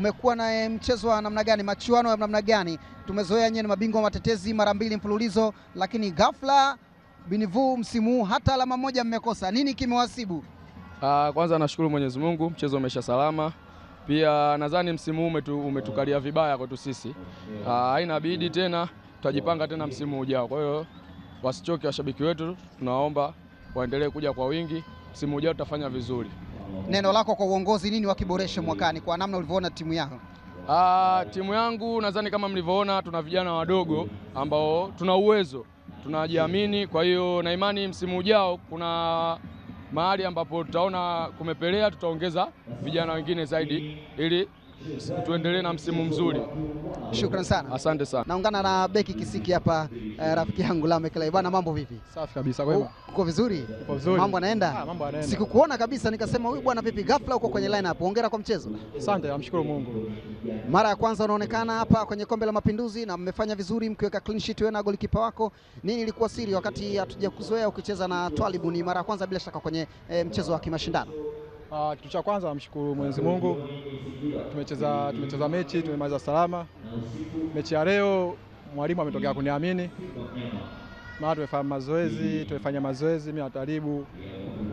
umekuwa na eh, mchezo wa namna gani, machuano ya namna gani? Tumezoea nyewe ni mabingwa watetezi mara mbili mfululizo, lakini ghafla binivu msimu huu hata alama moja mmekosa. Nini kimewasibu? Uh, kwanza nashukuru Mwenyezi Mungu, mchezo umeisha salama. Pia nadhani msimu huu umetu, umetukalia vibaya kwetu sisi. Uh, ah, inabidi tena tutajipanga tena msimu ujao. Kwa hiyo wasichoke washabiki wetu, tunaomba waendelee kuja kwa wingi. Msimu ujao tutafanya vizuri neno lako kwa uongozi, nini wakiboreshe mwakani kwa namna ulivyoona timu yako? Ah, timu yangu nadhani kama mlivyoona, tuna vijana wadogo ambao tuna uwezo, tunajiamini. Kwa hiyo na imani msimu ujao kuna mahali ambapo tutaona kumepelea, tutaongeza vijana wengine zaidi ili tuendelee na msimu mzuri. Shukrani sana, asante sana. Naungana na beki Kisiki hapa eh, rafiki yangu Lameck Bwana, mambo vipi? Safi kabisa, kwema. Uko vizuri? Uko vizuri. Mambo yanaenda? Ah, mambo yanaenda. Sikukuona kabisa nikasema huyu bwana vipi, ghafla uko kwenye lineup. Hongera kwa mchezo. Asante, namshukuru Mungu. Mara ya kwanza unaonekana hapa kwenye Kombe la Mapinduzi na mmefanya vizuri mkiweka clean sheet wewe na golikipa wako. Nini ilikuwa siri wakati hatujakuzoea ukicheza na Twalibu? Ni mara ya kwanza bila shaka kwenye eh, mchezo wa kimashindano. Uh, kitu cha kwanza namshukuru Mwenyezi Mungu, tumecheza tumecheza mechi tumemaliza salama. Mechi ya leo mwalimu ametokea kuniamini, maana tumefanya mazoezi tumefanya mazoezi mimi na Taribu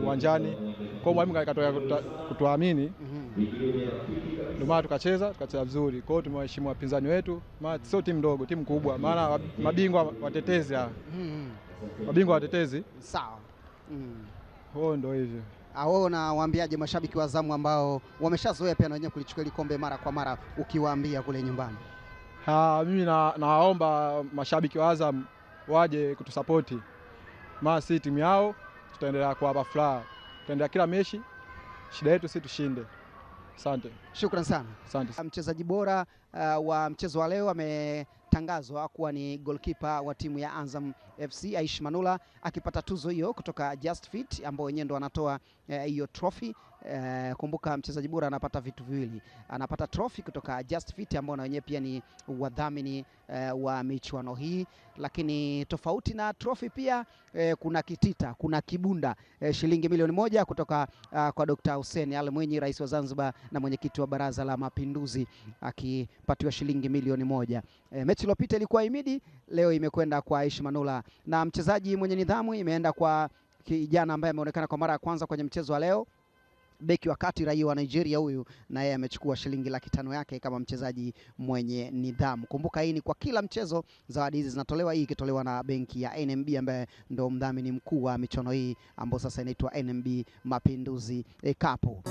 uwanjani, kwa mwalimu akatokea kutuamini, ndio maana tukacheza tukacheza vizuri. Kwa hiyo tumewaheshimu wapinzani wetu, maana sio timu ndogo, timu kubwa, maana mabingwa watetezi, mm-hmm. mabingwa watetezi. Sawa, kwa mm. hiyo ndio hivyo. Ah, wewe nawaambiaje mashabiki wa Zamu ambao wameshazoea pia na wenyewe kulichukua ile kombe mara kwa mara ukiwaambia kule nyumbani? Ha, mimi nawaomba naomba mashabiki wa Azam waje kutusapoti, maana si timu yao, tutaendelea kuwapa furaha, tutaendelea kila mechi, shida yetu si tushinde. Asante, shukran sana. Asante. Ah, mchezaji bora Eh, wa mchezo wa leo ametangazwa kuwa ni goalkeeper wa timu ya Azam FC Aish Manula, akipata tuzo hiyo kutoka Just Fit ambao wenyewe ndo wanatoa eh, hiyo uh, trophy. Uh, kumbuka mchezaji bora anapata vitu viwili, anapata trophy kutoka Just Fit ambao na wenyewe pia ni wadhamini uh, wa michuano hii, lakini tofauti na trophy pia uh, kuna kitita, kuna kibunda uh, shilingi milioni moja kutoka uh, kwa Dr. Hussein Ali Mwinyi, rais wa Zanzibar na mwenyekiti wa Baraza la Mapinduzi aki kupatiwa shilingi milioni moja. E, mechi iliyopita ilikuwa Imidi, leo imekwenda kwa ishmanula Manula, na mchezaji mwenye nidhamu imeenda kwa kijana ambaye ameonekana kwa mara ya kwanza kwenye mchezo wa leo beki wa kati raia wa Nigeria huyu na yeye amechukua shilingi laki tano yake kama mchezaji mwenye nidhamu. Kumbuka hii ni kwa kila mchezo, zawadi hizi zinatolewa, hii ikitolewa na benki ya NMB ambaye ndo mdhamini mkuu wa michuano hii ambayo sasa inaitwa NMB Mapinduzi eh, Cup.